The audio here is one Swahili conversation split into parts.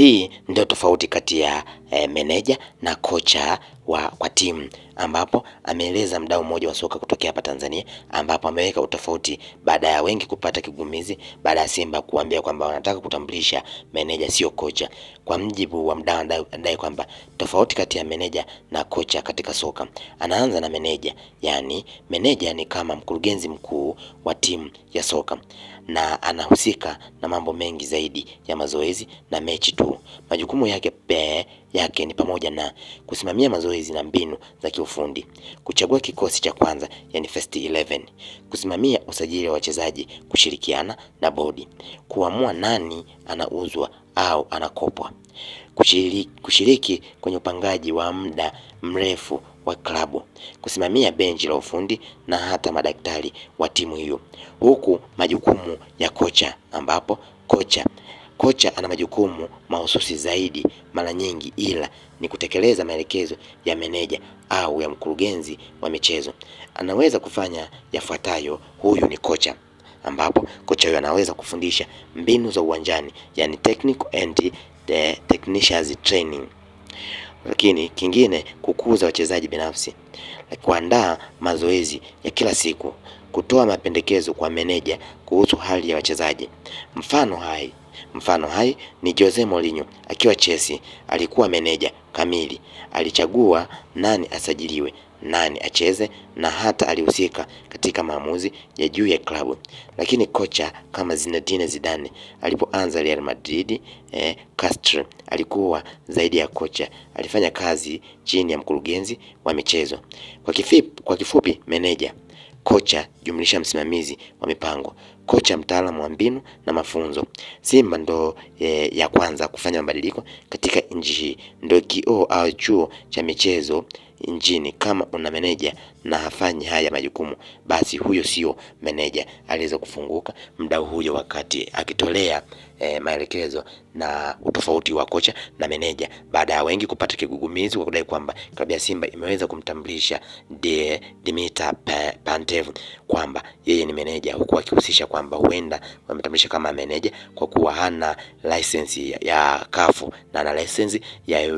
Hii ndio tofauti kati ya e, meneja na kocha wa kwa timu, ambapo ameeleza mdau mmoja wa soka kutokea hapa Tanzania, ambapo ameweka utofauti baada ya wengi kupata kigumizi baada ya Simba kuambia kwamba wanataka kutambulisha meneja sio kocha. Kwa mjibu wa mdau anadai kwamba tofauti kati ya meneja na kocha katika soka, anaanza na meneja, yani meneja ni kama mkurugenzi mkuu wa timu ya soka na anahusika na mambo mengi zaidi ya mazoezi na mechi tu. Majukumu yake pe, ya yake ni pamoja na kusimamia mazoezi na mbinu za kiufundi, kuchagua kikosi cha kwanza yani first 11, kusimamia usajili wa wachezaji, kushirikiana na bodi, kuamua nani anauzwa au anakopwa, kushiriki, kushiriki kwenye upangaji wa muda mrefu wa klabu, kusimamia benchi la ufundi na hata madaktari wa timu hiyo, huku majukumu ya kocha ambapo kocha Kocha ana majukumu mahususi zaidi mara nyingi, ila ni kutekeleza maelekezo ya meneja au ya mkurugenzi wa michezo. Anaweza kufanya yafuatayo: huyu ni kocha, ambapo kocha huyo anaweza kufundisha mbinu za uwanjani, yani technical and the eh, technicians training. Lakini kingine, kukuza wachezaji binafsi, kuandaa mazoezi ya kila siku, kutoa mapendekezo kwa meneja kuhusu hali ya wachezaji. Mfano hai Mfano hai ni Jose Mourinho akiwa Chelsea, alikuwa meneja kamili, alichagua nani asajiliwe, nani acheze na hata alihusika katika maamuzi ya juu ya klabu. Lakini kocha kama Zinedine Zidane alipoanza Real Madrid, eh, Castro alikuwa zaidi ya kocha, alifanya kazi chini ya mkurugenzi wa michezo. Kwa kifupi, kwa kifupi meneja kocha jumlisha msimamizi wa mipango, kocha mtaalamu wa mbinu na mafunzo. Simba ndo e, ya kwanza kufanya mabadiliko katika nchi hii, ndo kioo au chuo cha michezo nchini. Kama una meneja na hafanyi haya majukumu, basi huyo sio meneja. Aliweza kufunguka mdau huyo wakati akitolea e, maelekezo na utofauti wa kocha na meneja, baada ya wengi kupata kigugumizi kwa kudai kwamba klabu ya Simba imeweza kumtambulisha de Dimitar Pantev kwamba yeye ni meneja, huku akihusisha kwamba huenda wametambulisha kama meneja kwa kuwa hana lisensi ya kafu na ana lisensi ya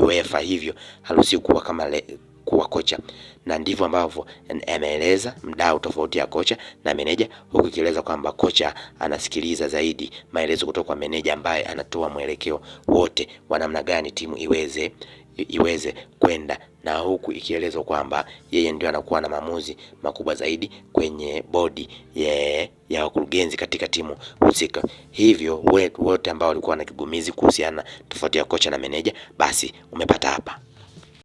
UEFA, hivyo haruhusiwi kuwa kama le kuwa kocha, na ndivyo ambavyo ameeleza mdau tofauti ya kocha na meneja, huku ikieleza kwamba kocha anasikiliza zaidi maelezo kutoka kwa meneja ambaye anatoa mwelekeo wote wa namna gani timu iweze iweze kwenda na huku ikielezwa kwamba yeye ndio anakuwa na maamuzi makubwa zaidi kwenye bodi ye, ya wakurugenzi katika timu husika. Hivyo wote ambao walikuwa na kigumizi kuhusiana tofauti ya kocha na meneja, basi umepata hapa.